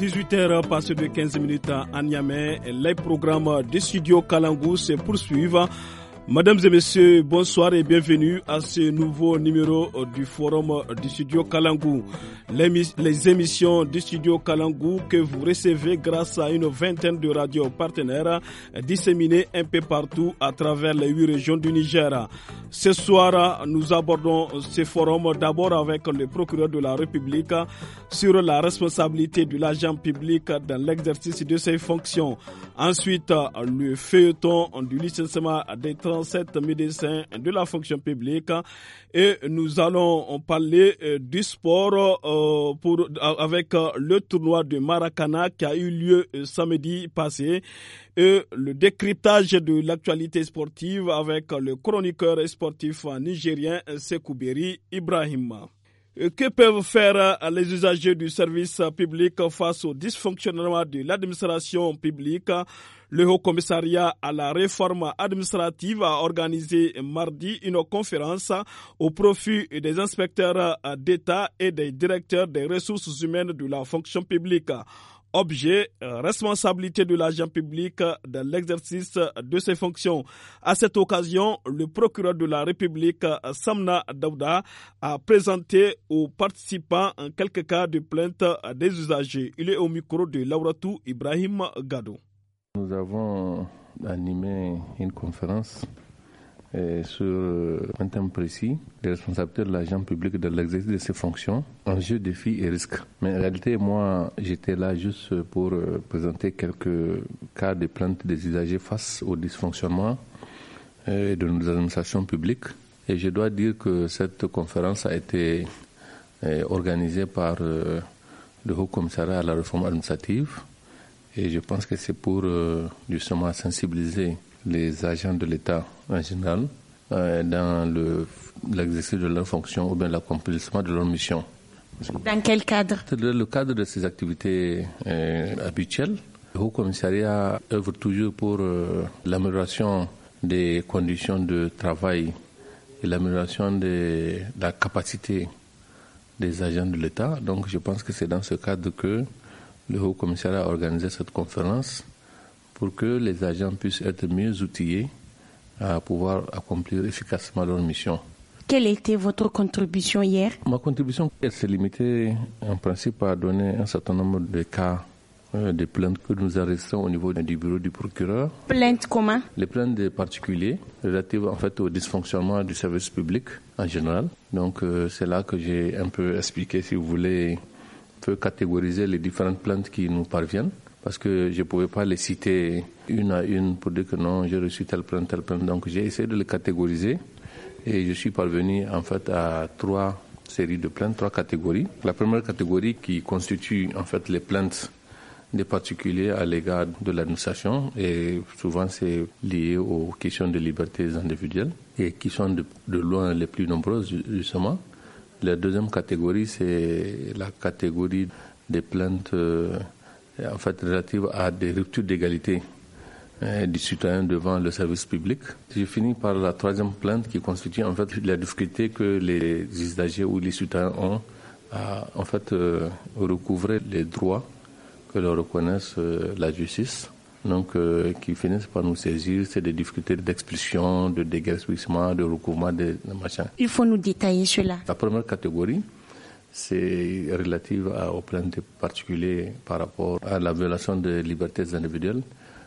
18h passé de 15 minutes à Niamey. Les programmes de Studio Kalangou se poursuivent. Mesdames et messieurs, bonsoir et bienvenue à ce nouveau numéro du forum du studio Kalangou. Les émissions du studio Kalangou que vous recevez grâce à une vingtaine de radios partenaires disséminées un peu partout à travers les huit régions du Niger. Ce soir, nous abordons ce forum d'abord avec le procureur de la République sur la responsabilité de l'agent public dans l'exercice de ses fonctions. Ensuite, le feuilleton du licenciement des cette médecins de la fonction publique et nous allons parler euh, du sport euh, euh, avec le tournoi de Maracana qui a eu lieu samedi passé et le décryptage de l'actualité sportive avec le chroniqueur sportif nigérien Sekouberi Ibrahim. Euh, que peuvent faire euh, les usagers du service euh, public face au dysfonctionnement de l'administration publique Le Haut Commissariat à la réforme administrative a organisé mardi une conférence au profit des inspecteurs d'État et des directeurs des ressources humaines de la fonction publique. Objet, euh, responsabilité de l'agent public dans l'exercice de ses fonctions. À cette occasion, le procureur de la République, Samna Daouda, a présenté aux participants quelques cas de plainte des usagers. Il est au micro de Lauratou Ibrahim Gado. Nous avons animé une conférence sur un thème précis, les responsabilités de l'agent public de l'exercice de ses fonctions, enjeux, défis et risques. Mais en réalité, moi, j'étais là juste pour euh, présenter quelques cas de plaintes des usagers face au dysfonctionnement euh, de nos administrations publiques. Et je dois dire que cette conférence a été euh, organisée par le Haut Commissariat à la réforme administrative. Et je pense que c'est pour justement sensibiliser les agents de l'État en général euh, dans l'exercice de leurs fonctions ou bien l'accomplissement de leur mission. Dans quel cadre Dans le cadre de ses activités euh, habituelles, le Haut Commissariat œuvre toujours pour euh, l'amélioration des conditions de travail et l'amélioration de la capacité des agents de l'État. Donc je pense que c'est dans ce cadre que le Haut Commissariat a organisé cette conférence pour que les agents puissent être mieux outillés à pouvoir accomplir efficacement leur mission. Quelle était votre contribution hier Ma contribution, elle s'est limitée en principe à donner un certain nombre de cas euh, de des plaintes que nous arrestons au niveau du bureau du procureur. Plaintes comment Les plaintes des particuliers relatives en fait au dysfonctionnement du service public en général. Donc euh, c'est là que j'ai un peu expliqué, si vous voulez, un peu catégoriser les différentes plaintes qui nous parviennent parce que je ne pouvais pas les citer une à une pour dire que non, j'ai reçu telle plainte, telle plainte. Donc j'ai essayé de les catégoriser et je suis parvenu en fait à trois séries de plaintes, trois catégories. La première catégorie qui constitue en fait les plaintes des particuliers à l'égard de l'administration et souvent c'est lié aux questions de libertés individuelles et qui sont de, loin les plus nombreuses justement. La deuxième catégorie c'est la catégorie des plaintes euh, en fait relative à des ruptures d'égalité euh, du citoyen devant le service public. J'ai fini par la troisième plainte qui constitue en fait la difficulté que les usagers ou les citoyens ont à en fait euh, recouvrer les droits que leur reconnaissent euh, la justice. Donc, qui finissent par nous saisir, c'est des difficultés d'expression, de dégâts, de recouvrement, des de Il faut nous détailler cela. La première catégorie, c'est relative aux plaintes particulières par rapport à la violation des libertés individuelles.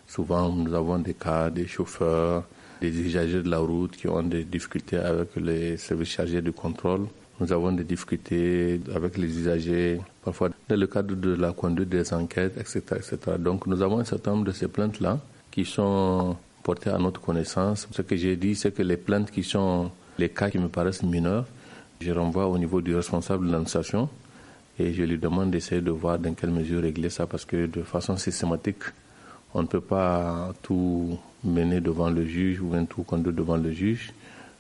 Souvent, nous avons des cas des chauffeurs, des usagers de la route qui ont des difficultés avec les services chargés du contrôle. Nous avons des difficultés avec les usagers, parfois dans le cadre de la conduite des enquêtes, etc. etc. Donc, nous avons un certain nombre de ces plaintes-là qui sont portées à notre connaissance. Ce que j'ai dit, c'est que les plaintes qui sont les cas qui me paraissent mineurs, je renvoie au niveau du responsable de l'administration et je lui demande d'essayer de voir dans quelle mesure régler ça parce que de façon systématique, on ne peut pas tout mener devant le juge ou un tout conduire devant le juge.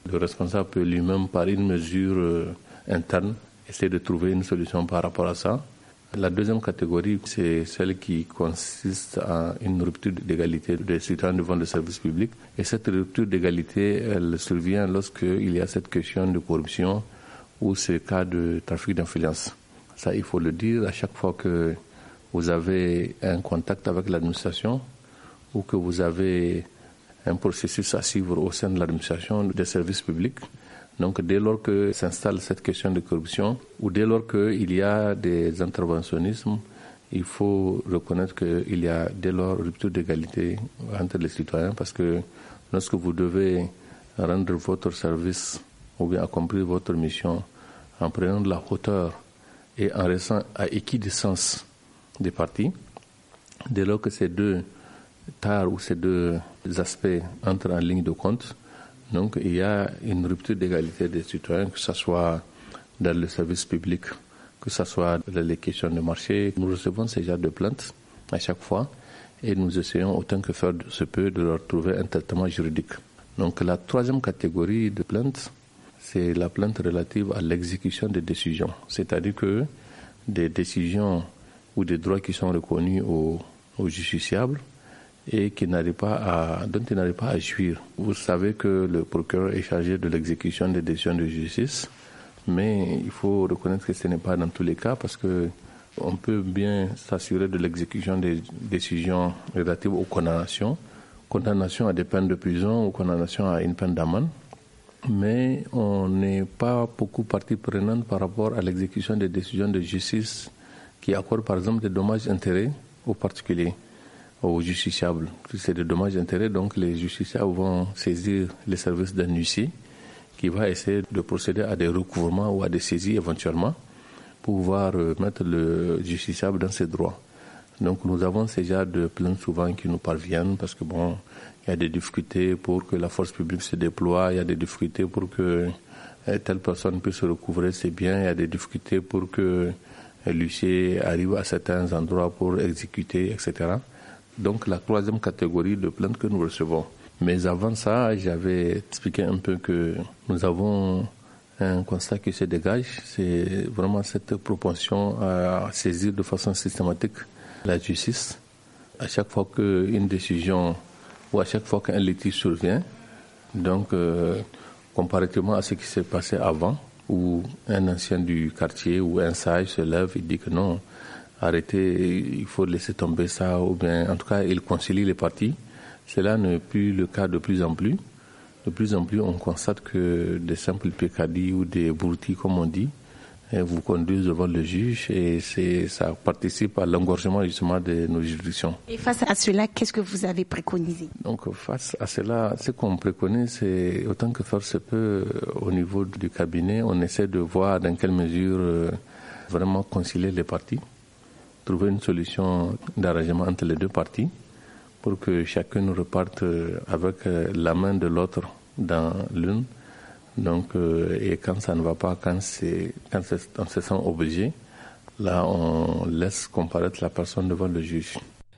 Le responsable peut lui-même, par une mesure euh, interne, essayer de trouver une solution par rapport à ça. La deuxième catégorie, c'est celle qui consiste à une rupture d'égalité des citoyens devant le service public. Et cette rupture d'égalité, elle survient lorsqu'il y a cette question de corruption ou ces cas de trafic d'influence. Ça, il faut le dire, à chaque fois que vous avez un contact avec l'administration ou que vous avez un processus à suivre au sein de l'administration des services publics. Donc dès lors que s'installe cette question de corruption ou dès lors qu'il y a des interventionnismes, il faut reconnaître qu'il y a dès lors rupture d'égalité entre les citoyens parce que lorsque vous devez rendre votre service ou bien accomplir votre mission en prenant de la hauteur et en restant à équidistance des parties, dès lors que ces deux tares ou ces deux aspects entrent en ligne de compte, donc il y a une rupture d'égalité des citoyens, que ce soit dans le service public, que ce soit dans les questions de marché. Nous recevons ces genres de plaintes à chaque fois et nous essayons autant que faire se peut de leur trouver un traitement juridique. Donc la troisième catégorie de plaintes, c'est la plainte relative à l'exécution des décisions. C'est-à-dire que des décisions ou des droits qui sont reconnus aux, justiciable justiciables et qui pas à, dont ils n'arrivent pas à jouir. Vous savez que le procureur est chargé de l'exécution des décisions de justice, mais il faut reconnaître que ce n'est pas dans tous les cas parce que on peut bien s'assurer de l'exécution des décisions relatives aux condamnations, condamnation à des peines de prison ou condamnation à une peine d'amende mais on n'est pas beaucoup partie prenante par rapport à l'exécution des décisions de justice qui accordent par exemple des dommages-intérêts aux particuliers, aux justiciables. C'est des dommages-intérêts, donc les justiciables vont saisir les services d'un huissier qui va essayer de procéder à des recouvrements ou à des saisies éventuellement pour pouvoir euh, mettre le justiciable dans ses droits. Donc nous avons ces genres de plaintes souvent qui nous parviennent parce que bon, il y a des difficultés pour que la force publique se déploie, il y a des difficultés pour que euh, telle personne puisse recouvrer ses biens, il y a des difficultés pour que euh, l'huissier arrive à certains endroits pour exécuter, etc. Donc la troisième catégorie de plaintes que nous recevons. Mais avant ça, j'avais expliqué un peu que nous avons un constat qui se dégage, c'est vraiment cette propension à saisir de façon systématique la justice. À chaque fois qu'une décision ou à chaque fois qu'un litige survient, donc euh, comparativement à ce qui s'est passé avant, où un ancien du quartier ou un sage se lève et dit que non, arrêtez, il faut laisser tomber ça, ou bien en tout cas il concilie les parties, cela n'est plus le cas de plus en plus. De plus en plus, on constate que des simples pécadilles ou des broutilles, comme on dit, vous conduisent devant le juge et ça participe à l'engorgement justement de nos juridictions. Et face à cela, qu'est-ce que vous avez préconisé Donc face à cela, ce qu'on préconise, c'est autant que force peut euh, au niveau du cabinet, on essaie de voir dans quelle mesure euh, vraiment concilier les parties, trouver une solution d'arrangement entre les deux parties pour que chacune reparte euh, avec la main de l'autre dans l'une donc, euh, et quand ça ne va pas, quand, quand on se sent obligé, là, on laisse comparaître la personne devant le juge.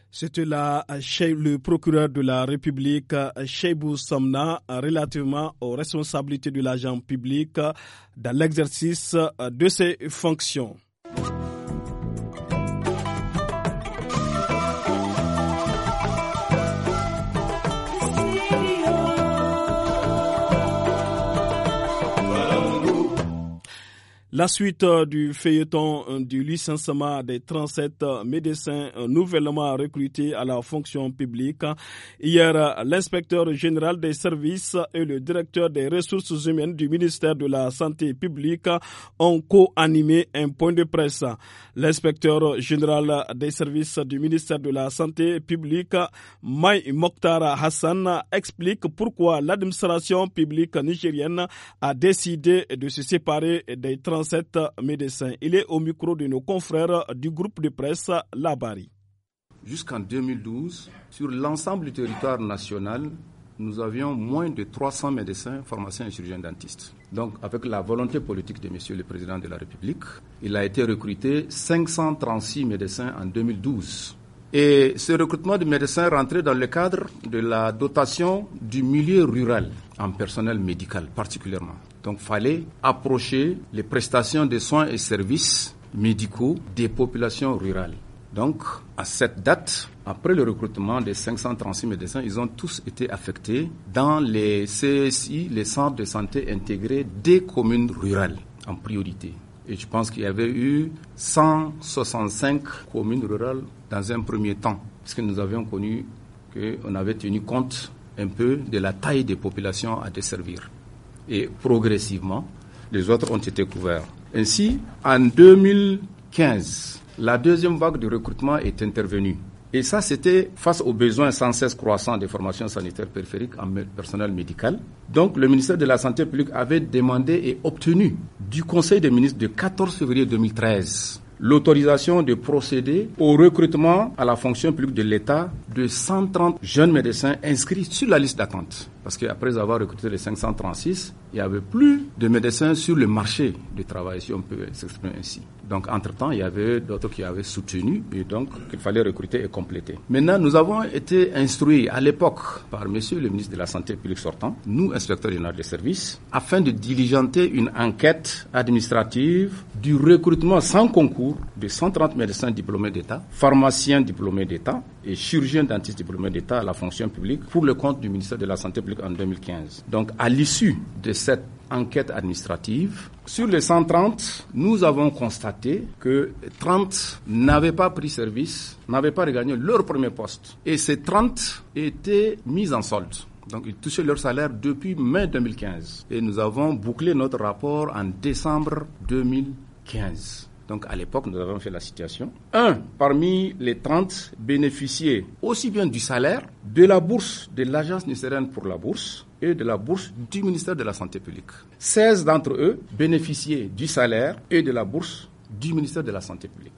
C'était là le procureur de la République, Cheibou Samna, relativement aux responsabilités de l'agent public dans l'exercice de ses fonctions. La suite euh, du feuilleton euh, du licenciement des 37 euh, médecins nouvellement recrutés à la fonction publique. Hier, l'inspecteur général des services et le directeur des ressources humaines du ministère de la Santé publique ont co-animé un point de presse. L'inspecteur général des services du ministère de la Santé publique, Mai Mokhtar Hassan, explique pourquoi l'administration publique nigérienne a décidé de se séparer des 37 cette médecin, Il est au micro de nos confrères du groupe de presse Labari. Jusqu'en 2012, sur l'ensemble du territoire national, nous avions moins de 300 médecins, pharmaciens et chirurgiens dentistes. Donc, avec la volonté politique de Monsieur le Président de la République, il a été recruté 536 médecins en 2012. Et ce recrutement de médecins rentrait dans le cadre de la dotation du milieu rural en personnel médical particulièrement. Donc fallait approcher les prestations de soins et services médicaux des populations rurales. Donc à cette date, après le recrutement des 536 médecins, ils ont tous été affectés dans les CSI, les centres de santé intégrés des communes rurales en priorité. Et je pense qu'il y avait eu 165 communes rurales dans un premier temps, puisque nous avions connu qu'on avait tenu compte un peu de la taille des populations à desservir et progressivement, les autres ont été couverts. Ainsi, en 2015, la deuxième vague de recrutement est intervenue. Et ça, c'était face aux besoins sans cesse croissants des formations sanitaires périphériques en personnel médical. Donc, le ministère de la Santé publique avait demandé et obtenu du Conseil des ministres de 14 février 2013 l'autorisation de procéder au recrutement à la fonction publique de l'État de 130 jeunes médecins inscrits sur la liste d'attente. Parce qu'après avoir recruté les 536, il n'y avait plus de médecins sur le marché du travail, si on peut s'exprimer ainsi. Donc, entre-temps, il y avait d'autres qui avaient soutenu et donc qu'il fallait recruter et compléter. Maintenant, nous avons été instruits à l'époque par monsieur le ministre de la Santé publique sortant, nous, inspecteurs généraux des services, afin de diligenter une enquête administrative du recrutement sans concours de 130 médecins diplômés d'État, pharmaciens diplômés d'État, et chirurgien dentiste diplômé d'État à la fonction publique pour le compte du ministère de la Santé publique en 2015. Donc, à l'issue de cette enquête administrative, sur les 130, nous avons constaté que 30 n'avaient pas pris service, n'avaient pas regagné leur premier poste. Et ces 30 étaient mis en solde. Donc ils touchaient leur salaire depuis mai 2015. Et nous avons bouclé notre rapport en décembre 2015. Donc à l'époque, nous avons fait la situation. Un, parmi les 30 bénéficiaient aussi bien du salaire, de la bourse de l'Agence nigérienne pour la bourse et de la bourse du ministère de la Santé publique. 16 d'entre eux bénéficiaient du salaire et de la bourse du ministère de la Santé publique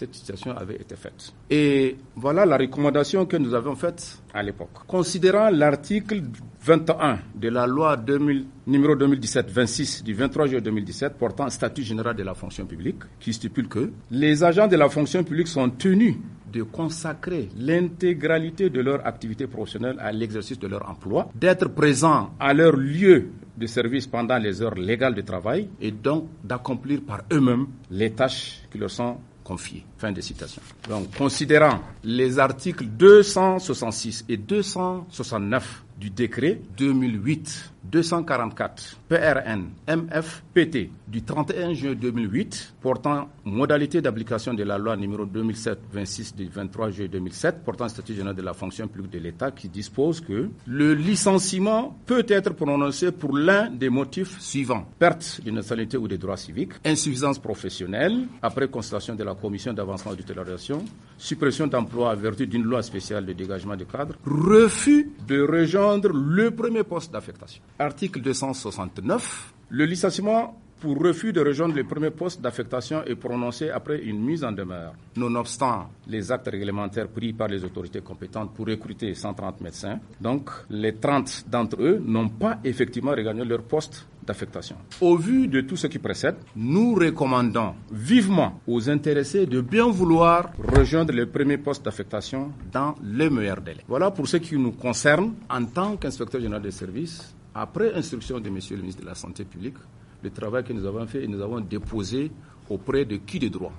cette situation avait été faite. Et voilà la recommandation que nous avons faite à l'époque. Considérant l'article 21 de la loi 2000, numéro 2017-26 du 23 juillet 2017 portant statut général de la fonction publique, qui stipule que les agents de la fonction publique sont tenus de consacrer l'intégralité de leur activité professionnelle à l'exercice de leur emploi, d'être présents à leur lieu de service pendant les heures légales de travail et donc d'accomplir par eux-mêmes les tâches qui leur sont Fin de citation. Donc, considérant les articles 266 et 269 du décret 2008 244 PRN MFPT du 31 juin 2008 portant modalité d'application de la loi numéro 2007-26 du 23 juillet 2007 portant statut général de la fonction publique de l'État qui dispose que le licenciement peut être prononcé pour l'un des motifs suivants perte d'une nationalité ou des droits civiques, insuffisance professionnelle après constatation de la commission d'avancement de titularisation, suppression d'emploi à vertu d'une loi spéciale de dégagement de cadre, refus de rejoindre le premier poste d'affectation. Article 269. Le licenciement pour refus de rejoindre le premier poste d'affectation est prononcé après une mise en demeure. Nonobstant les actes réglementaires pris par les autorités compétentes pour recruter 130 médecins, donc les 30 d'entre eux n'ont pas effectivement regagné leur poste d'affectation. Au vu de tout ce qui précède, nous recommandons vivement aux intéressés de bien vouloir rejoindre les premiers poste d'affectation dans les meilleurs délais. Voilà pour ce qui nous concerne en tant qu'inspecteur général des services. Après instruction de Monsieur le ministre de la Santé publique, le travail que nous avons fait et nous avons déposé auprès de qui de droit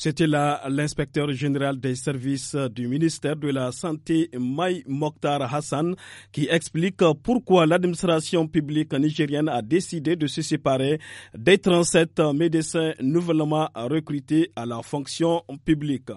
c'était là l'inspecteur général des services du ministère de la Santé, Mai Mokhtar Hassan, qui explique pourquoi l'administration publique nigérienne a décidé de se séparer des 37 médecins nouvellement recrutés à la fonction publique.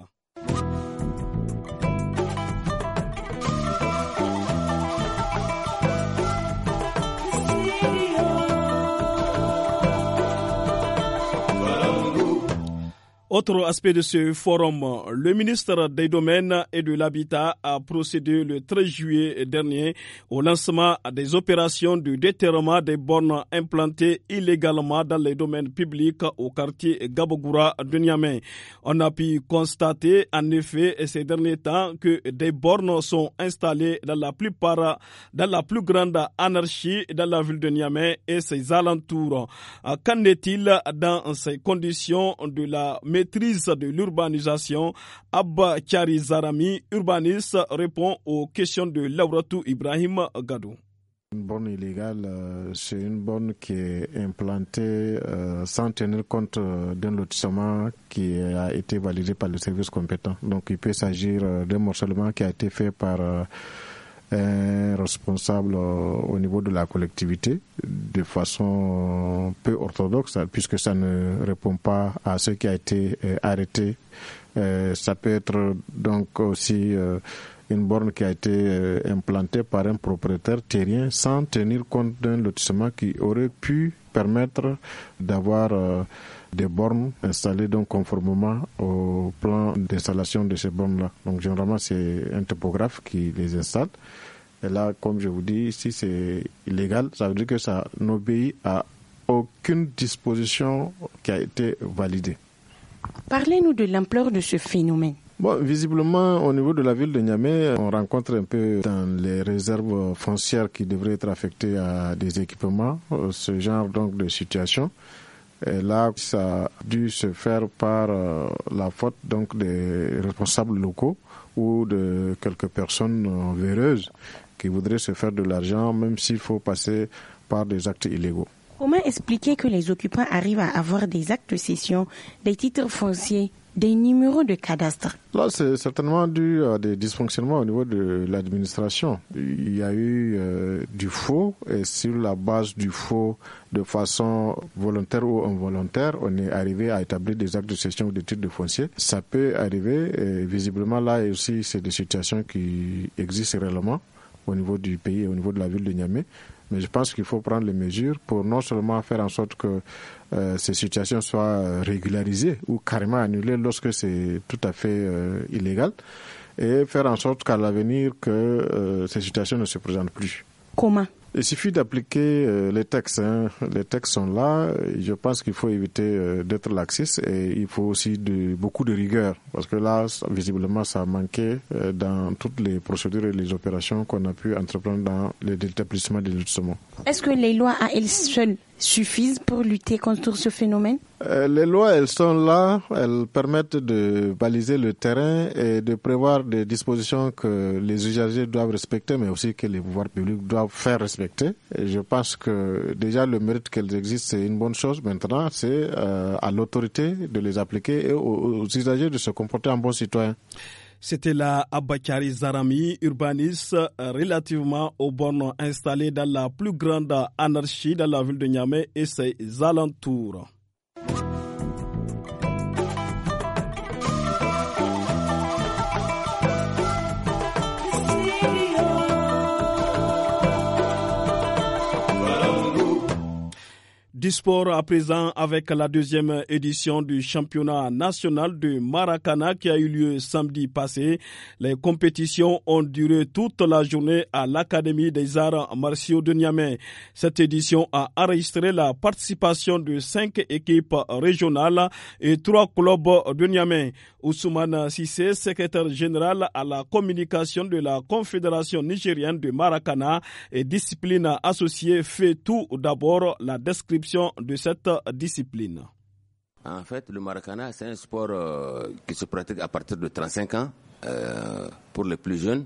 Autre aspect de ce forum, le ministre des Domaines et de l'Habitat a procédé le 13 juillet dernier au lancement des opérations de déterrement des bornes implantées illégalement dans les domaines publics au quartier Gabogoura de Niamey. On a pu constater en effet ces derniers temps que des bornes sont installées dans la plupart, dans la plus grande anarchie dans la ville de Niamey et ses alentours. Qu'en est-il dans ces conditions de la maîtrise de l'urbanisation, Abba charizarami urbaniste, répond aux questions de Lauratou Ibrahim Gadou. Une borne illégale, euh, c'est une borne qui est implantée euh, sans tenir compte euh, d'un lotissement qui a été validé par le service compétent. Donc il peut s'agir d'un morcellement qui a été fait par un responsable au niveau de la collectivité de façon peu orthodoxe, puisque ça ne répond pas à ce qui a été euh, arrêté. Euh, ça peut être donc aussi euh, une borne qui a été implantée par un propriétaire terrien sans tenir compte d'un lotissement qui aurait pu permettre d'avoir des bornes installées donc conformément au plan d'installation de ces bornes-là. Donc généralement c'est un topographe qui les installe. Et là, comme je vous dis, si c'est illégal, ça veut dire que ça n'obéit à aucune disposition qui a été validée. Parlez-nous de l'ampleur de ce phénomène. Bon, visiblement, au niveau de la ville de Niamey, on rencontre un peu dans les réserves foncières qui devraient être affectées à des équipements, euh, ce genre donc de situation. Et là, ça a dû se faire par euh, la faute donc des responsables locaux ou de quelques personnes euh, véreuses qui voudraient se faire de l'argent, même s'il faut passer par des actes illégaux. Comment expliquer que les occupants arrivent à avoir des actes de cession, des titres fonciers des numéros de cadastre Là, c'est certainement dû à des dysfonctionnements au niveau de l'administration. Il y a eu euh, du faux et sur la base du faux, de façon volontaire ou involontaire, on est arrivé à établir des actes de cession ou de titres de foncier. Ça peut arriver. Et visiblement, là aussi, c'est des situations qui existent réellement au niveau du pays et au niveau de la ville de Niamey. Mais je pense qu'il faut prendre les mesures pour non seulement faire en sorte que euh, ces situations soient euh, régularisées ou carrément annulées lorsque c'est tout à fait euh, illégal, et faire en sorte qu'à l'avenir que ces situations ne se présentent plus. Comment il suffit d'appliquer euh, les textes. Hein. Les textes sont là. Je pense qu'il faut éviter euh, d'être laxiste et il faut aussi beaucoup de rigueur parce que là, visiblement, ça a manqué euh, dans toutes les procédures et les opérations qu'on a pu entreprendre dans les établissements de Est-ce que les lois à elles seules suffisent pour lutter contre ce phénomène euh, Les lois, elles sont là, elles permettent de baliser le terrain et de prévoir des dispositions que les usagers doivent respecter, mais aussi que les pouvoirs publics doivent faire respecter. Et je pense que déjà le mérite qu'elles existent, c'est une bonne chose. Maintenant, c'est euh, à l'autorité de les appliquer et aux, aux usagers de se comporter en bons citoyens. C'était la Abakari Zarami, urbaniste euh, relativement aux bornes installé dans la plus grande anarchie dans la ville de Niamey et ses alentours. Du sport à présent avec la deuxième édition du championnat national de Maracana qui a eu lieu samedi passé. Les compétitions ont duré toute la journée à l'Académie des arts martiaux de Niamey. Cette édition a enregistré la participation de cinq équipes régionales et trois clubs de Niamey. Ousmane Sissé, secrétaire général à la communication de la Confédération nigérienne de Maracana et discipline associée, fait tout d'abord la description de cette discipline En fait, le maracana, c'est un sport euh, qui se pratique à partir de 35 ans euh, pour les plus jeunes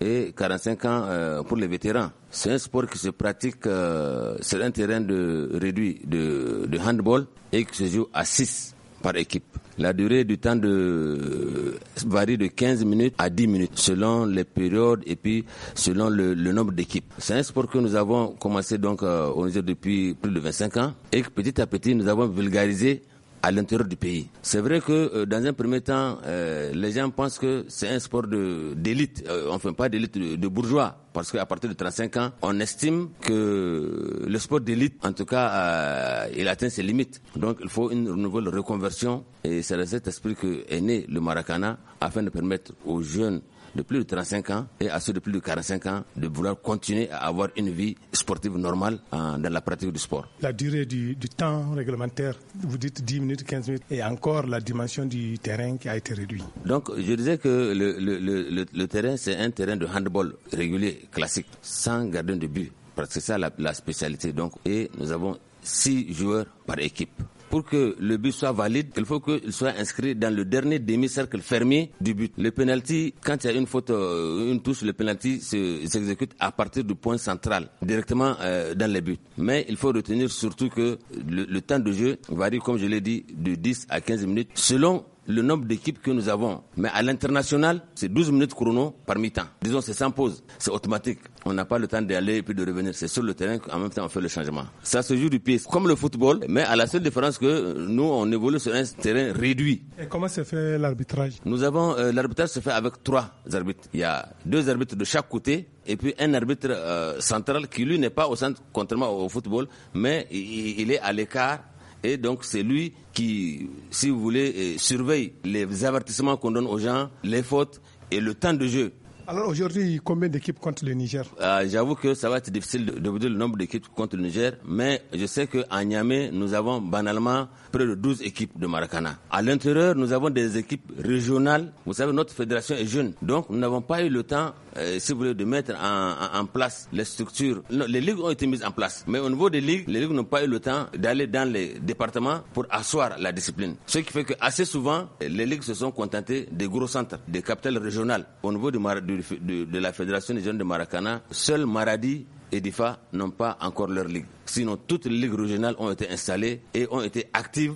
et 45 ans euh, pour les vétérans. C'est un sport qui se pratique sur un terrain de réduit de, de handball et qui se joue à 6 par équipe. La durée du temps de, euh, varie de 15 minutes à 10 minutes selon les périodes et puis selon le, le nombre d'équipes. C'est un sport que nous avons commencé donc euh, au Niger depuis plus de 25 ans et que petit à petit nous avons vulgarisé à l'intérieur du pays. C'est vrai que euh, dans un premier temps, euh, les gens pensent que c'est un sport d'élite, euh, enfin pas d'élite, de, bourgeois. Parce qu'à partir de 35 ans, on estime que le sport d'élite, en tout cas, il atteint ses limites. Donc il faut une nouvelle reconversion. Et c'est dans cet esprit que est né le Maracana afin de permettre aux jeunes de plus de 35 ans et à ceux de plus de 45 ans de vouloir continuer à avoir une vie sportive normale euh, dans la pratique du sport. La durée du, temps réglementaire, vous dites 10 minutes, 15 minutes, et encore la dimension du terrain qui a été réduite. Donc je disais que le, terrain, c'est un terrain de handball régulier, classique, sans gardien de but. Parce que c'est ça la, la spécialité. Donc, et nous avons 6 joueurs par équipe. Pour que le but soit valide, il faut qu'il soit inscrit dans le dernier demi-cercle fermé du but. Le penalty, quand il y a une faute, euh, une touche, le penalty s'exécute à partir du point central, directement euh, dans les buts. Mais il faut retenir surtout que le, temps de jeu varie, comme je l'ai dit, de 10 à 15 minutes selon le nombre d'équipes que nous avons. Mais à l'international, c'est 12 minutes chrono par mi-temps. Disons, c'est sans pause, c'est automatique. On n'a pas le temps d'aller et puis de revenir. C'est sur le terrain qu'en même temps on fait le changement. Ça se joue du pied, comme le football, mais à la seule différence que nous, on évolue sur un terrain réduit. Et comment se fait l'arbitrage Nous avons, euh, l'arbitrage se fait avec trois arbitres. Il y a deux arbitres de chaque côté et puis un arbitre euh, central qui lui n'est pas au centre, contrairement au football, mais il est à l'écart et donc c'est lui qui, si vous voulez, euh, surveille les avertissements qu'on donne aux gens, les fautes et le temps de jeu. Alors aujourd'hui, combien d'équipes contre le Niger ah, J'avoue que ça va être difficile de, de vous dire le nombre d'équipes contre le Niger, mais je sais qu'à Niamey, nous avons banalement près de 12 équipes de Maracana. À l'intérieur, nous avons des équipes régionales. Vous savez, notre fédération est jeune. Donc, nous n'avons pas eu le temps, euh, si vous voulez, de mettre en, place les structures. les ligues ont été mises en place. Mais au niveau des ligues, les ligues n'ont pas eu le temps d'aller dans les départements pour asseoir la discipline. Ce qui fait que assez souvent, les ligues se sont contentées des gros centres, des capitales régionales. Au niveau de, de, de la fédération des jeunes de Maracana, seul Maradi et DIFA n'ont pas encore leur ligue. Sinon, toutes les ligues régionales ont été installées et ont été actives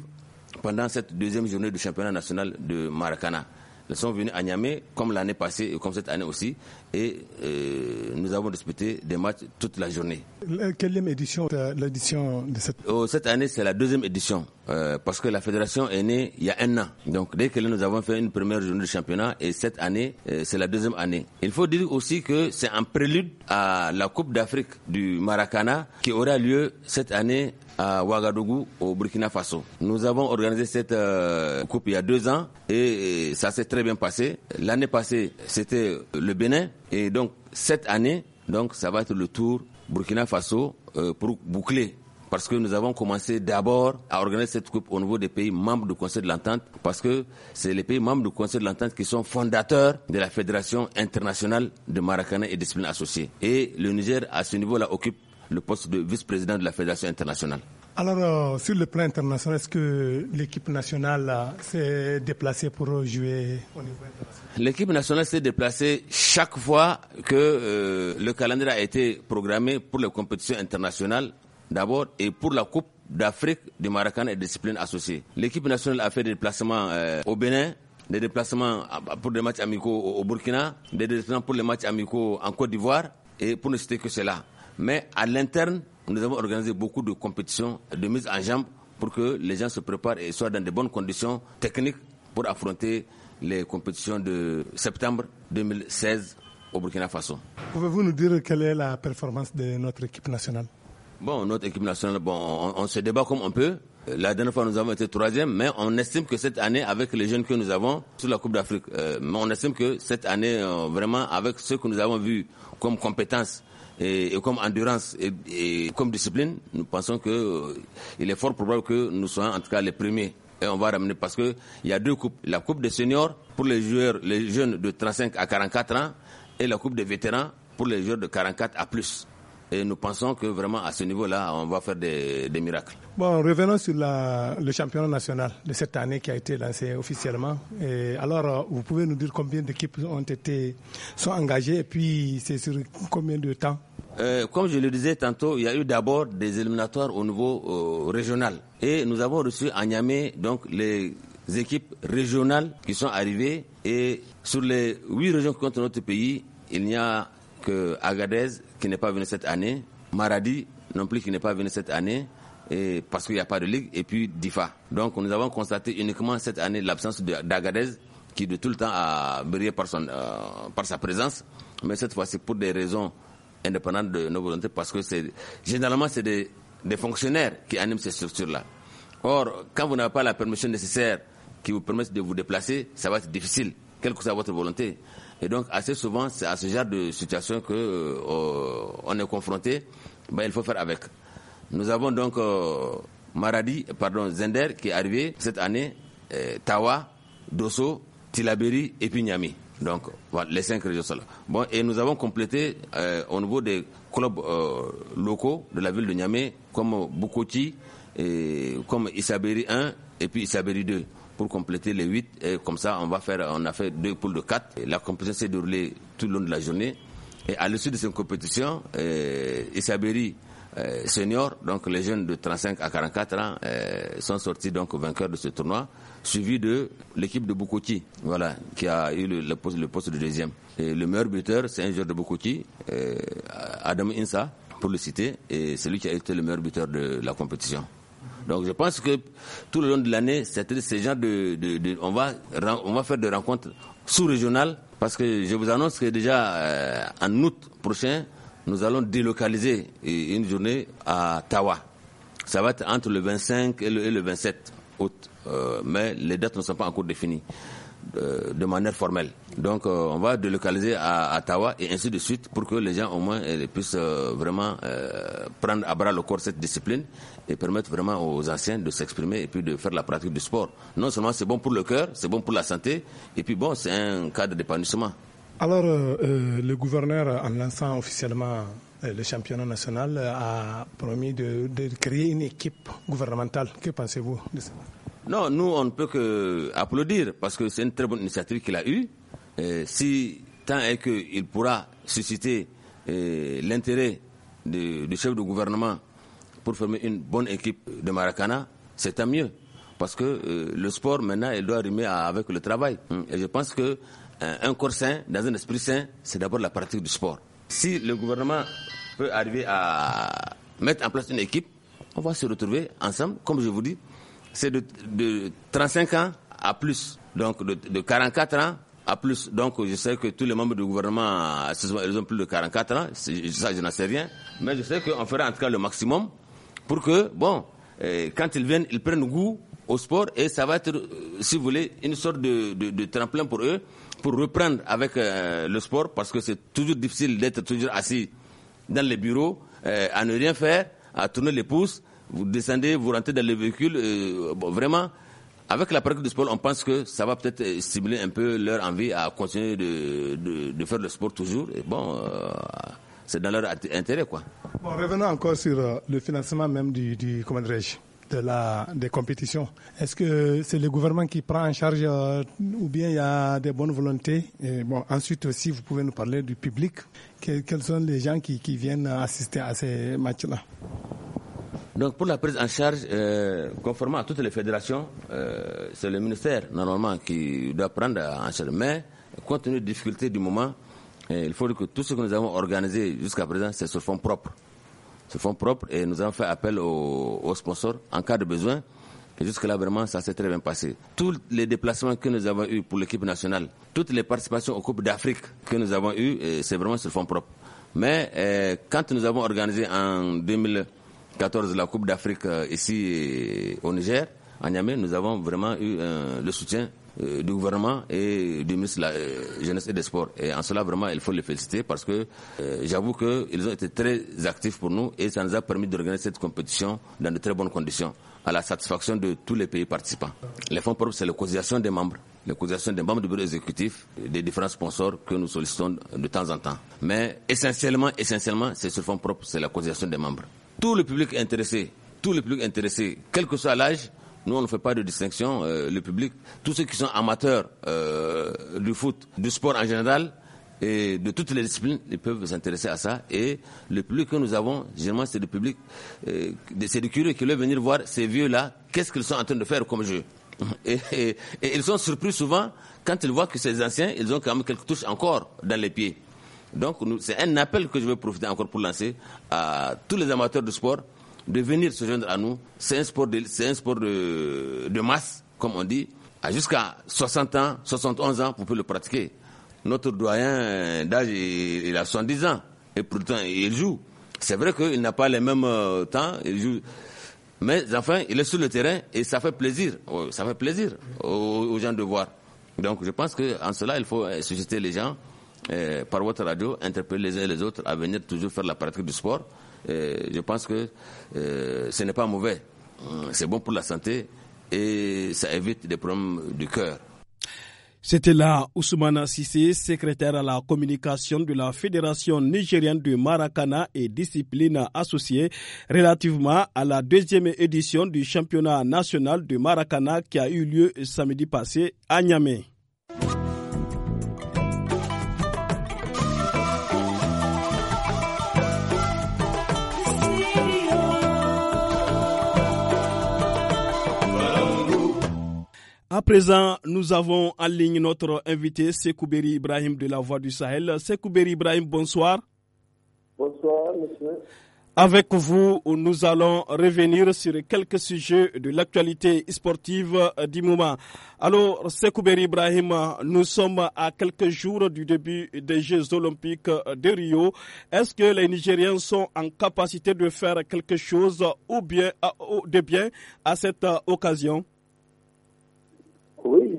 pendant cette deuxième journée du championnat national de Maracana. Elles sont venues à Niamey, comme l'année passée et comme cette année aussi, et euh, nous avons disputé des matchs toute la journée. Euh, quelle édition euh, l'édition de cette oh, Cette année, c'est la deuxième édition euh, parce que la fédération est née il y a un an. Donc, dès que nous avons fait une première journée de championnat et cette année, c'est la deuxième année. Il faut dire aussi que c'est un prélude à la Coupe d'Afrique du Maracana qui aura lieu cette année à Ouagadougou, au Burkina Faso. Nous avons organisé cette coupe il y a deux ans et, et ça s'est très bien passé. L'année passée, c'était le Bénin et donc cette année, donc ça va être le tour Burkina Faso euh, pour boucler. Parce que nous avons commencé d'abord à organiser cette coupe au niveau des pays membres du Conseil de l'Entente, parce que c'est les pays membres du Conseil de l'Entente qui sont fondateurs de la Fédération internationale de Maracana et disciplines associées. Et le Niger, à ce niveau-là, occupe le poste de vice-président de la Fédération internationale. Alors, euh, sur le plan international, est-ce que l'équipe nationale euh, s'est déplacée pour jouer au niveau international L'équipe nationale s'est déplacée chaque fois que euh, le calendrier a été programmé pour les compétitions internationales d'abord et pour la Coupe d'Afrique du Maracan et disciplines associées. L'équipe nationale a fait des déplacements au Bénin, des déplacements ah, pour des matchs amicaux au Burkina, des déplacements pour les matchs amicaux en Côte d'Ivoire, et pour ne citer que cela. Mais à l'interne, nous avons organisé beaucoup de compétitions de mise en jambe pour que les gens se préparent et soient dans de bonnes conditions techniques pour affronter les compétitions de septembre 2016 au Burkina Faso. Pouvez-vous nous dire quelle est la performance de notre équipe nationale Bon, notre équipe nationale, bon, on, se débat comme on peut. La dernière fois, nous avons été troisième, mais on estime que cette année, avec les jeunes que nous avons sur la Coupe d'Afrique, euh, mais on estime que cette année, euh, vraiment, avec ce que nous avons vu comme compétences et, comme endurance et, comme discipline, nous pensons que euh, il est fort probable que nous soyons en tout cas les premiers. Et on va ramener parce que il y a deux coupes. La coupe des seniors pour les joueurs, les jeunes de 35 à 44 ans et la coupe des vétérans pour les joueurs de 44 à plus. Et nous pensons que vraiment à ce niveau-là, on va faire des, des, miracles. Bon, revenons sur le championnat national de cette année qui a été lancé officiellement. Et alors, euh, vous pouvez nous dire combien d'équipes ont été sont engagées et puis c'est sur combien de temps euh, Comme je le disais tantôt, il y a eu d'abord des éliminatoires au niveau euh, régional. Et nous avons reçu à Niamey donc les équipes régionales qui sont arrivées. Et sur les huit régions qui comptent notre pays, il n'y a que Agadez, qui n'est pas venu cette année, Maradi non plus qui n'est pas venu cette année, et parce qu'il n'y a pas de ligue, et puis Difa. Donc nous avons constaté uniquement cette année l'absence d'Agadez, qui de tout le temps a brillé par, son, euh, par sa présence, mais cette fois-ci pour des raisons indépendantes de nos volontés, parce que c'est généralement c'est des, des fonctionnaires qui animent ces structures-là. Or, quand vous n'avez pas la permission nécessaire qui vous permette de vous déplacer, ça va être difficile, quelle que soit votre volonté. Et donc, assez souvent, c'est à ce genre de situation que euh, on est confronté. Ben, il faut faire avec. Nous avons donc euh, Maradi, pardon, Zender qui est arrivé cette année, euh, Tawa, Dosso, Tilaberi et Pignami. Donc, voilà, les cinq régions sont là. Bon, et nous avons complété euh, au niveau des clubs locaux de la ville de Niamey, comme Bukoti, et, comme Isaberi 1 et puis Isaberi 2 pour compléter les 8. Et comme ça, on va faire, on a fait deux poules de 4. Et la compétition s'est déroulée tout le long de la journée. Et à l'issue de cette compétition, euh, euh senior, donc les jeunes de 35 à 44 ans, euh, sont sortis donc vainqueurs de ce tournoi, suivi de l'équipe de Bukoti, voilà, qui a eu le, poste, le poste, de deuxième. Et le meilleur buteur, c'est un joueur de Bukoti, euh, Adam Insa, pour le citer, et c'est lui qui a été le meilleur buteur de la compétition. Donc je pense que tout le long de l'année, cest de, on va on va faire des rencontres sous-régionales parce que je vous annonce que déjà euh, en août prochain, nous allons délocaliser une journée à Tawa. Ça va être entre le 25 et le, 27 août, euh, mais les dates ne sont pas encore définies euh, de, manière formelle. Donc on va délocaliser à, à, Tawa et ainsi de suite pour que les gens au moins puissent vraiment prendre à bras le corps cette discipline et permettre vraiment aux anciens de s'exprimer et puis de faire la pratique du sport. Non seulement c'est bon pour le cœur, c'est bon pour la santé, et puis bon, c'est un cadre d'épanouissement. Alors, euh, euh, le gouverneur, en lançant officiellement euh, le championnat national, a promis de, créer une équipe gouvernementale. Que pensez-vous de ça Non, nous, on ne peut que applaudir parce que c'est une très bonne initiative qu'il a eue. si tant est qu'il pourra susciter l'intérêt du chef de gouvernement pour former une bonne équipe de Maracana, c'est tant mieux. Parce que euh, le sport, maintenant, il doit rimer avec le travail. Mm. Et je pense que euh, un corps sain, dans un esprit sain, c'est d'abord la pratique du sport. Si le gouvernement peut arriver à mettre en place une équipe, on va se retrouver ensemble, comme je vous dis, c'est de, de, 35 ans à plus, donc de, de, 44 ans à plus. Donc je sais que tous les membres du gouvernement, euh, ils ont plus de 44 ans, ça je n'en sais rien, mais je sais qu'on fera en tout cas le maximum pour que, bon, euh, quand ils viennent, ils prennent goût au sport et ça va être, euh, si vous voulez, une sorte de, de, tremplin pour eux, pour reprendre avec euh, le sport, parce que c'est toujours difficile d'être toujours assis dans les bureaux, à ne rien faire, à tourner les pouces, vous descendez, vous rentrez dans les véhicules, vraiment, avec la pratique du sport, on pense que ça va peut-être stimuler un peu leur envie à continuer de, de, de faire le sport toujours. Et bon, c'est dans leur intérêt. Quoi. revenons encore sur euh, le financement même du, du de la, des compétitions. Est-ce que c'est le gouvernement qui prend en charge euh, ou bien il y a des bonnes volontés bon, Ensuite aussi, vous pouvez nous parler du public. quels sont les gens qui, viennent assister à ces matchs-là donc pour la prise en charge, euh, conformément à toutes les fédérations, c'est le ministère normalement qui doit prendre en charge. Mais compte tenu des difficultés du moment, et il faut que tout ce que nous avons organisé jusqu'à présent, c'est sur fond propre. Sur fond propre et nous avons fait appel aux, sponsors en cas de besoin. Et jusque-là, vraiment, ça s'est très bien passé. Tous les déplacements que nous avons eus pour l'équipe nationale, toutes les participations aux Coupes d'Afrique que nous avons eues, c'est vraiment sur fond propre. Mais eh, quand nous avons organisé en 2014 la Coupe d'Afrique euh, ici au Niger, à Niamey, nous avons vraiment eu euh, le soutien euh, du gouvernement et du ministre de la euh, Jeunesse et des Sports. Et en cela, vraiment, il faut les féliciter parce que euh, j'avoue qu'ils ont été très actifs pour nous et ça nous a permis d'organiser cette compétition dans de très bonnes conditions, à la satisfaction de tous les pays participants. Les fonds propres, c'est la cotisation des membres la cotisation des membres du bureau exécutif des différents sponsors que nous sollicitons de temps en temps. Mais essentiellement, essentiellement, c'est sur fonds propre, c'est la cotisation des membres. Tout le public intéressé, tout le public intéressé, quel que soit l'âge, nous, on ne fait pas de distinction, euh, le public. Tous ceux qui sont amateurs euh, du foot, du sport en général, et de toutes les disciplines, ils peuvent s'intéresser à ça. Et le public que nous avons, généralement, c'est le public, euh, c'est des curieux qui veulent venir voir ces vieux-là, qu'est-ce qu'ils sont en train de faire comme jeu. Et, et, ils sont surpris souvent quand ils voient que ces anciens, ils ont quand même quelques touches encore dans les pieds. Donc, c'est un appel que je veux profiter encore pour lancer à tous les amateurs de sport de venir se joindre à nous. C'est un sport, de, un sport de, de masse, comme on dit. à Jusqu'à 60 ans, 71 ans, pour peut le pratiquer. Notre doyen d'âge, il a 70 ans. Et pourtant, il joue. C'est vrai qu'il n'a pas les mêmes euh, temps. Il joue. Mais enfin, il est sur le terrain et ça fait plaisir. Oh, ça fait plaisir aux, gens de voir. Donc je pense qu'en cela, il faut susciter les gens euh, par votre radio, interpeller les uns et les autres à venir toujours faire la pratique du sport. Euh, je pense que euh, ce n'est pas mauvais. Hum, c'est bon pour la santé et ça évite des problèmes du cœur. C'était là Ousmane Sissé, secrétaire à la communication de la Fédération nigérienne de Maracana et discipline associée relativement à la deuxième édition du championnat national du Maracana qui a eu lieu samedi passé à Niamey. À présent, nous avons en ligne notre invité Sekouberi Ibrahim de la Voix du Sahel. Sekouberi Ibrahim, bonsoir. Bonsoir, monsieur. Avec vous, nous allons revenir sur quelques sujets de l'actualité sportive du moment. Alors, Sekouberi Ibrahim, nous sommes à quelques jours du début des Jeux olympiques de Rio. Est-ce que les Nigériens sont en capacité de faire quelque chose ou bien, de bien à cette occasion?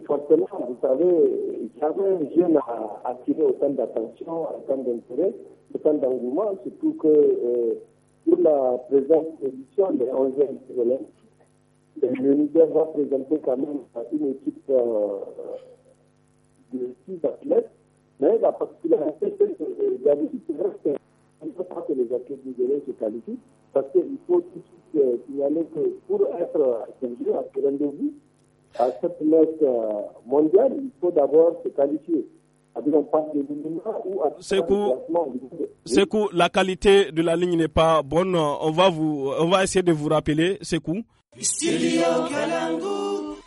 forcément, vous savez, jamais un jeune a attiré autant d'attention, autant d'intérêt, autant d'engouement, surtout que euh, pour la présente édition des 11e Olympiques, le leader va présenter quand même une équipe euh, de six athlètes, mais la particularité, c'est que ne pas que les athlètes nigériens se qualifient, parce qu'il faut tout de suite euh, signaler que pour être attendu à ce rendez-vous, à cette messe euh, mondiale, il faut d'abord se qualifier. Sekou, la qualité de la ligne n'est pas bonne. On va, vous, on va essayer de vous rappeler, Sekou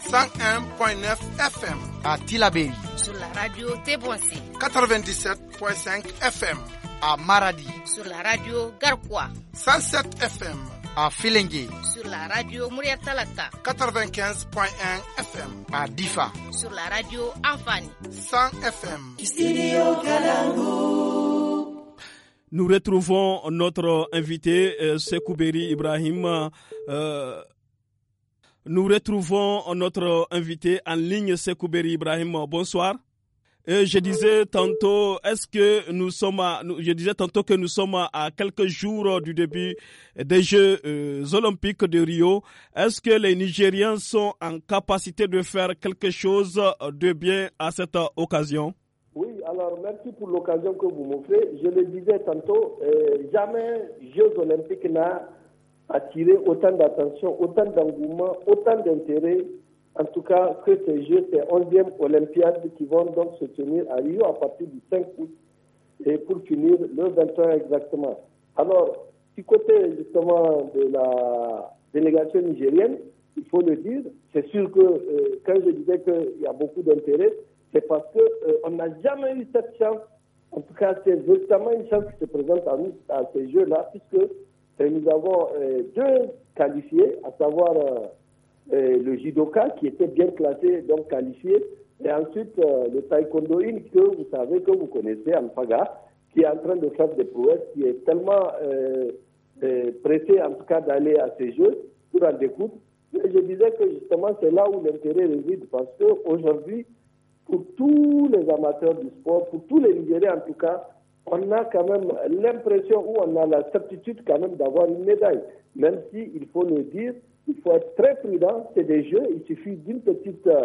101.9 FM à Tilabéri. Sur la radio Téboissé. 97.5 FM à Maradi. Sur la radio Garkwa. 107 FM à Filengue. Sur la radio Mouriatalata. 95.1 FM à Difa. Sur la radio Anfani. 100 FM. Studio Nous retrouvons notre invité, euh, Sekouberi Ibrahim. Euh nous retrouvons notre invité en ligne, Sekouberi Ibrahim. Bonsoir. je disais tantôt, est-ce que nous sommes à, je disais tantôt que nous sommes à quelques jours du début des Jeux euh, olympiques de Rio. Est-ce que les Nigériens sont en capacité de faire quelque chose de bien à cette occasion? Oui, alors merci pour l'occasion que vous m'offrez. Je le disais tantôt, euh, jamais Jeux olympiques n'a attirer autant d'attention, autant d'engouement, autant d'intérêt. En tout cas, que ces Jeux, ces 11e Olympiades qui vont donc se tenir à Rio à partir du 5 août et pour finir le 21 exactement. Alors, du côté justement de la délégation nigérienne, il faut le dire, c'est sûr que euh, quand je disais qu'il y a beaucoup d'intérêt, c'est parce qu'on euh, on n'a jamais eu cette chance. En tout cas, c'est justement une chance qui se présente à nous, à ces jeux-là, puisque et nous avons euh, deux qualifiés, à savoir euh, euh, le judoka qui était bien classé, donc qualifié, et ensuite le taekwondo que vous savez, que vous connaissez, Ampaga, qui est en train de faire des prouesses, qui est tellement pressé en tout cas d'aller à ces jeux pour en découpe. Mais je disais que justement c'est là où l'intérêt réside parce qu'aujourd'hui, pour tous les amateurs du sport, pour tous les Nigériens en tout cas, on a quand même l'impression ou on a la certitude quand même d'avoir une médaille. Même si, il faut le dire, il faut être très prudent, c'est des jeux, il suffit d'une petite euh,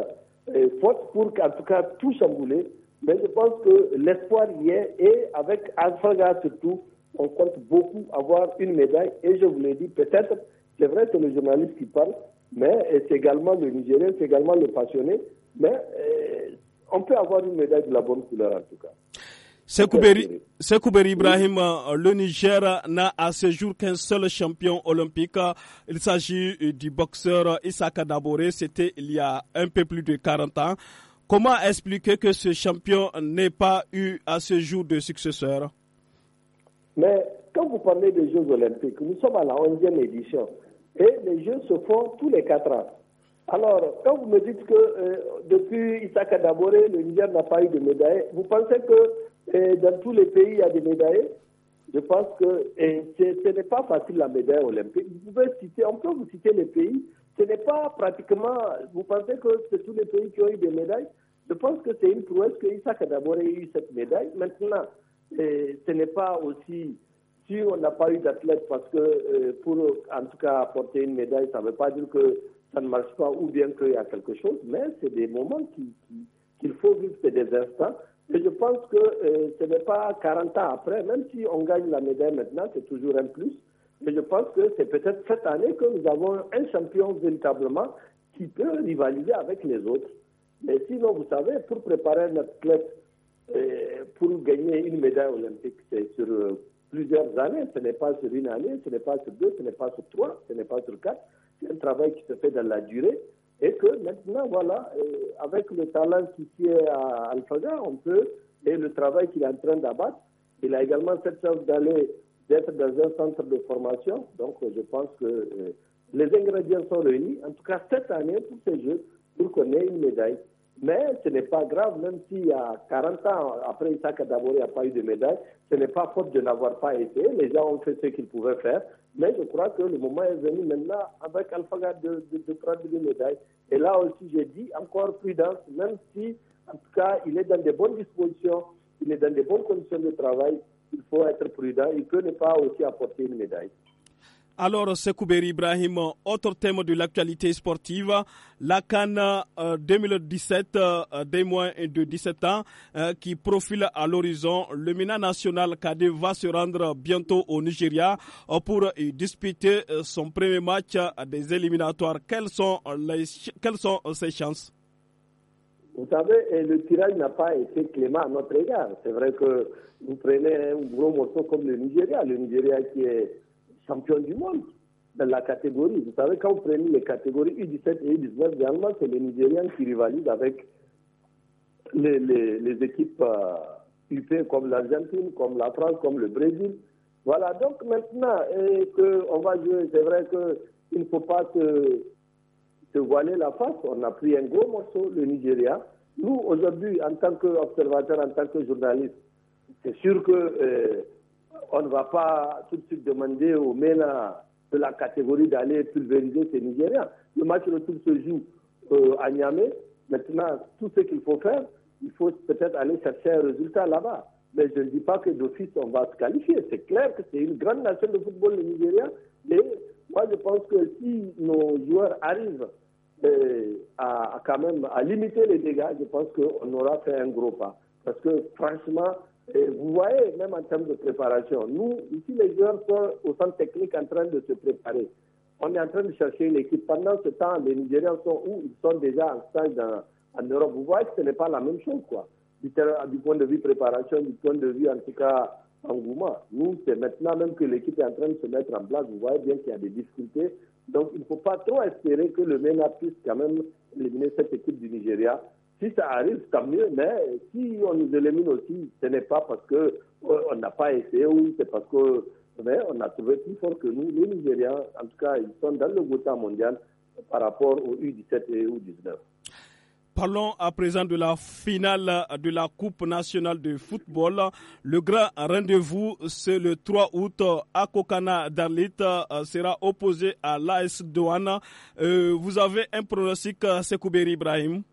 euh, faute pour qu'en tout cas tout chambouler. Mais je pense que l'espoir y est et avec et surtout, on compte beaucoup avoir une médaille. Et je vous l'ai dit, peut-être, c'est vrai que le journaliste qui parle, mais c'est également le Nigérien, c'est également le passionné, mais euh, on peut avoir une médaille de la bonne couleur en tout cas. Sekouber Ibrahim, euh, le Niger n'a à ce jour qu'un seul champion olympique. Il s'agit euh, du boxeur euh, Issa Daboré, C'était il y a un peu plus de 40 ans. Comment expliquer que ce champion n'ait pas eu à ce jour de successeur Mais quand vous parlez des Jeux olympiques, nous sommes à la 11e édition et les Jeux se font tous les quatre ans. Alors, quand vous me dites que euh, depuis Isaac Kadabore, le Niger n'a pas eu de médaille, vous pensez que euh, dans tous les pays, il y a des médailles Je pense que euh, ce n'est pas facile la médaille olympique. Vous pouvez citer, on peut vous citer les pays. Ce n'est pas pratiquement, vous pensez que c'est tous les pays qui ont eu des médailles Je pense que c'est une prouesse que Isaac Daboré ait eu cette médaille. Maintenant, ce n'est pas aussi si on n'a pas eu d'athlète, parce que pour en tout cas apporter une médaille, ça ne veut pas dire que ça ne marche pas ou bien qu'il y a quelque chose, mais c'est des moments qu'il faut vivre, c'est des instants. Et je pense que euh, ce n'est pas 40 ans après, même si on gagne la médaille maintenant, c'est toujours un plus. Mais je pense que c'est peut-être cette année que nous avons un champion véritablement qui peut rivaliser avec les autres. Mais sinon, vous savez, pour préparer un athlète euh, pour gagner une médaille olympique, c'est sur euh, plusieurs années. Ce n'est pas sur une année, ce n'est pas sur deux, ce n'est pas sur trois, ce n'est pas sur quatre c'est un travail qui se fait dans la durée et que maintenant, voilà, euh, avec le talent qui est à Alphaga, on peut, et le travail qu'il est en train d'abattre, il a également cette chance d'aller, d'être dans un centre de formation. Donc, je pense que euh, les ingrédients sont réunis, en tout cas cette année, pour ces Jeux, pour qu'on ait une médaille. Mais ce n'est pas grave, même s'il y a 40 ans, après Isaac Adaboré il pas eu de médaille, ce n'est pas faute de n'avoir pas été. Les gens ont fait ce qu'ils pouvaient faire. Mais je crois que le moment est venu maintenant avec Alphaga de, de, prendre des médailles. Et là aussi, j'ai dit encore prudence, même si, en tout cas, il est dans de bonnes dispositions, il est dans de bonnes conditions de travail, il faut être prudent, il peut ne pas aussi apporter une médaille. Alors, Sekouber Ibrahim, autre thème de l'actualité sportive, la Cannes 2017 euh, euh, des moins de 17 ans euh, qui profile à l'horizon. Le MENA national cadet va se rendre bientôt au Nigeria pour y disputer son premier match des éliminatoires. Quelles sont, quelles sont ses chances vous savez, le tirage n'a pas été clément à notre égard. C'est vrai que vous prenez un gros morceau comme le Nigeria, le Nigeria qui est champion du monde dans la catégorie. Vous savez, quand vous prenez les catégories U17 et U19, généralement, c'est les Nigériens qui rivalisent avec les, les, équipes UP euh, comme l'Argentine, comme la France, comme le Brésil. Voilà, donc maintenant et que on va jouer, c'est vrai qu'il ne faut pas se, se voiler la face. On a pris un gros morceau, le Nigeria. Nous, aujourd'hui, en tant qu'observateurs, en tant que journaliste, c'est sûr que. Euh, on ne va pas tout de suite demander aux MENA de la catégorie d'aller pulvériser ces Nigériens. Le match tout se joue euh, à Niamey. Maintenant, tout ce qu'il faut faire, il faut peut-être aller chercher un résultat là-bas. Mais je ne dis pas que d'office, on va se qualifier. C'est clair que c'est une grande nation de football, le Nigeria. Mais moi, je pense que si nos joueurs arrivent euh, à, à, quand même à limiter les dégâts, je pense qu'on aura fait un gros pas. Parce que franchement, vous voyez, même en termes de préparation, nous, ici, les joueurs sont au centre technique en train de se préparer. On est en train de chercher une équipe. Pendant ce temps, les Nigériens sont où Ils sont déjà en stage en Europe. Vous voyez que ce n'est pas la même chose, quoi. Du, point de vue préparation, du point de vue, en tout cas, engouement. Nous, c'est maintenant même que l'équipe est en train de se mettre en place. Vous voyez bien qu'il y a des difficultés. Donc, il ne faut pas trop espérer que le MENA puisse quand même éliminer cette équipe du Nigeria. Si ça arrive, tant mieux, mais si on nous élimine aussi, ce n'est pas parce qu'on euh, on n'a pas essayé ou c'est parce que on a trouvé plus fort que nous. Les Nigériens, en tout cas, ils sont dans le bouton mondial par rapport aux U17 et U19. Parlons à présent de la finale de la Coupe nationale de football. Le grand rendez-vous, c'est le 3 août. à Akokana Darlit euh, sera opposé à l'AS Douane. Euh, vous avez un pronostic, Sekouberi Ibrahim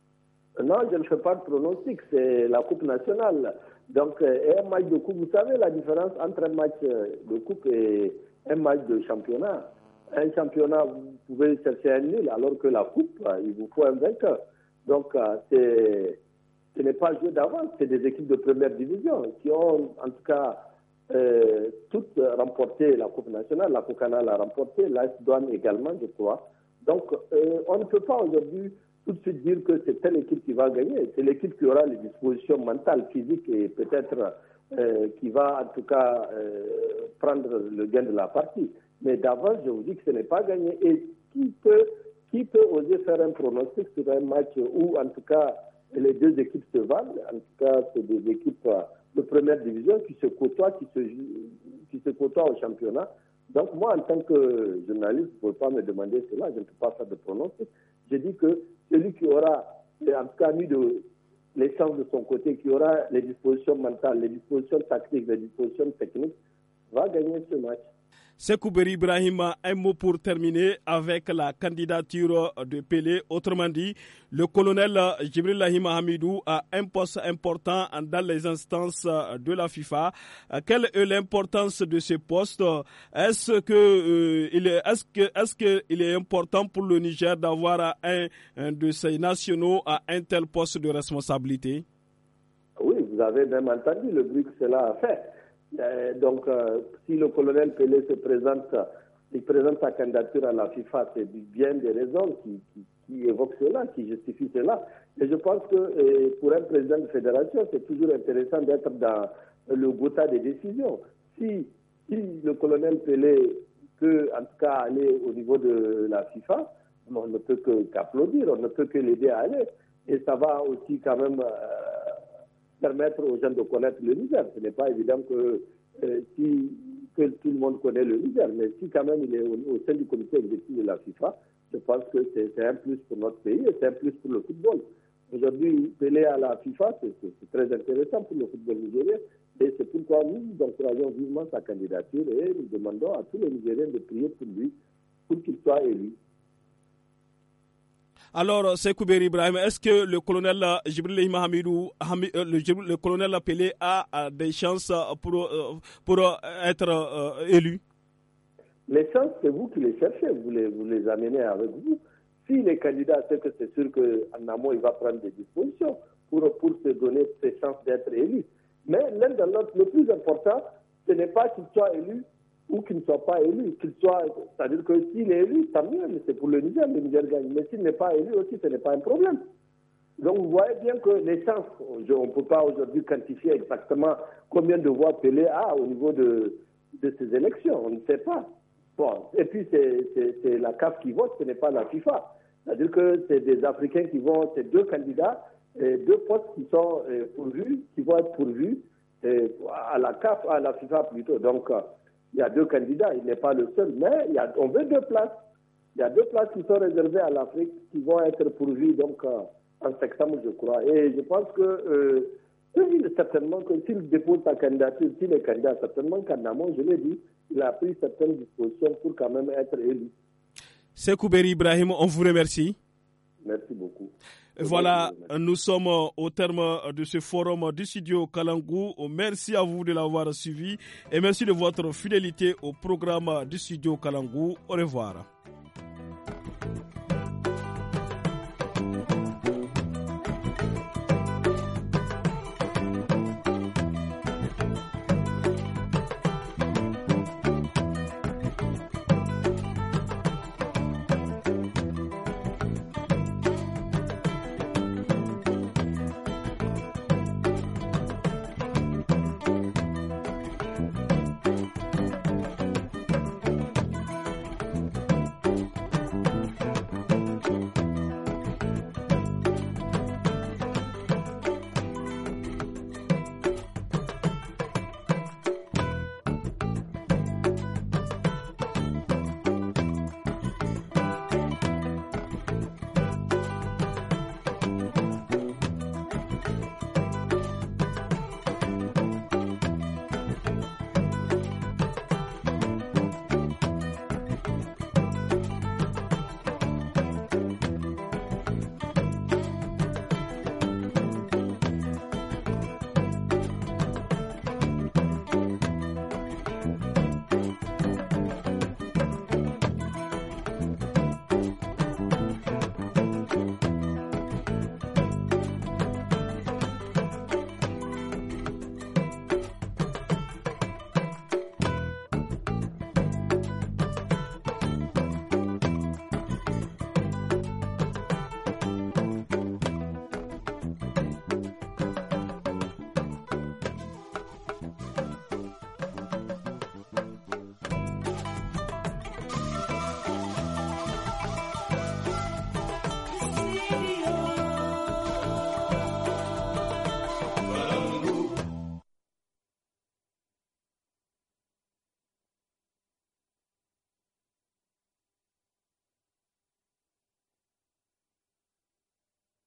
non, je ne fais pas de pronostic, c'est la Coupe nationale. Donc, euh, un match de coupe, vous savez la différence entre un match euh, de coupe et un match de championnat. Un championnat, vous pouvez chercher un nul, alors que la coupe, euh, il vous faut un vainqueur. Donc, c'est, ce n'est pas jeu d'avance, c'est des équipes de première division qui ont, en tout cas, toutes remporté la Coupe nationale. La Focana l'a remporté. l'AS Douane également, je crois. Donc, on ne peut pas aujourd'hui tout de suite dire que c'est telle équipe qui va gagner. C'est l'équipe qui aura les dispositions mentales, physiques et peut-être euh, qui va en tout cas euh, prendre le gain de la partie. Mais d'avance, je vous dis que ce n'est pas gagné. Et qui peut, qui peut oser faire un pronostic sur un match où en tout cas les deux équipes se valent En tout cas, c'est des équipes de première division qui se côtoient, qui se, qui se côtoient au championnat. Donc moi, en tant que journaliste, vous ne pouvez pas me demander cela, je ne peux pas faire de pronostic. Je dis que celui qui aura, en tout cas mis de, les de son côté, qui aura les dispositions mentales, les dispositions tactiques, les dispositions techniques, va gagner ce match. Sekouber Ibrahima, un mot pour terminer avec la candidature de Pelé. Autrement dit, le colonel Jibril Lahima Hamidou a un poste important dans les instances de la FIFA. Quelle est l'importance de ce poste Est-ce qu'il euh, est important pour le Niger d'avoir un, un de ses nationaux à un tel poste de responsabilité Oui, vous avez même entendu le bruit que cela a fait. Euh, donc, euh, si le colonel Pelé se présente, il présente sa candidature à la FIFA, c'est bien des raisons qui, qui, évoquent cela, qui justifient cela. Et je pense que euh, pour un président de fédération, c'est toujours intéressant d'être dans le gotha des décisions. Si, le colonel Pelé peut en tout cas aller au niveau de la FIFA, on ne peut qu'applaudir, on ne peut que l'aider à aller. Et ça va aussi quand même permettre aux gens de connaître le Niger. Ce n'est pas évident euh, que, tout le monde connaît le Niger, mais si quand même il est au, sein du comité exécutif de la FIFA, je pense que c'est un plus pour notre pays et c'est un plus pour le football. Aujourd'hui, est à la FIFA, c'est très intéressant pour le football nigérien et c'est pourquoi nous, nous encourageons vivement sa candidature et nous demandons à tous les Nigériens de prier pour lui, pour qu'il soit élu. Alors, euh, Sekouber Ibrahim, est-ce que le colonel euh, Jibril Hamidou, euh, le, colonel appelé a, des chances pour, pour être élu Les chances, c'est vous qui les cherchez, vous les, vous les amenez avec vous. S'il si est candidat, c'est que c'est sûr qu'en amont, il va prendre des dispositions pour, pour se donner ses chances d'être élu. Mais l'un de l'autre, le plus important, ce n'est pas qu'il soit élu, ou qu'il ne soit pas élu, qu'il soit, c'est-à-dire que s'il est élu, tant mieux, mais c'est pour le Niger, le Niger gagne. Mais s'il n'est pas élu aussi, ce n'est pas un problème. Donc vous voyez bien que les chances, on ne peut pas aujourd'hui quantifier exactement combien de voix Pelé a au niveau de, de ces élections, on ne sait pas. Bon, et puis c'est la CAF qui vote, ce n'est pas la FIFA. C'est-à-dire que c'est des Africains qui vont, c'est deux candidats, et deux postes qui sont euh, pourvus, qui vont être pourvus euh, à la CAF, à la FIFA plutôt. Donc il y a deux candidats, il n'est pas le seul, mais il y a, on veut deux places. Il y a deux places qui sont réservées à l'Afrique qui vont être pourvues donc en septembre, je crois. Et je pense que euh, certainement que s'il dépose sa candidature, s'il est candidat, certainement qu'en amont, je l'ai dit, il a pris certaines dispositions pour quand même être élu. Sekouberi Ibrahim, on vous remercie. Merci beaucoup. Voilà, nous sommes euh, au terme euh, de ce forum du studio Kalangou. Merci à vous de l'avoir suivi et merci de votre fidélité au programme du studio Kalangou. Au revoir.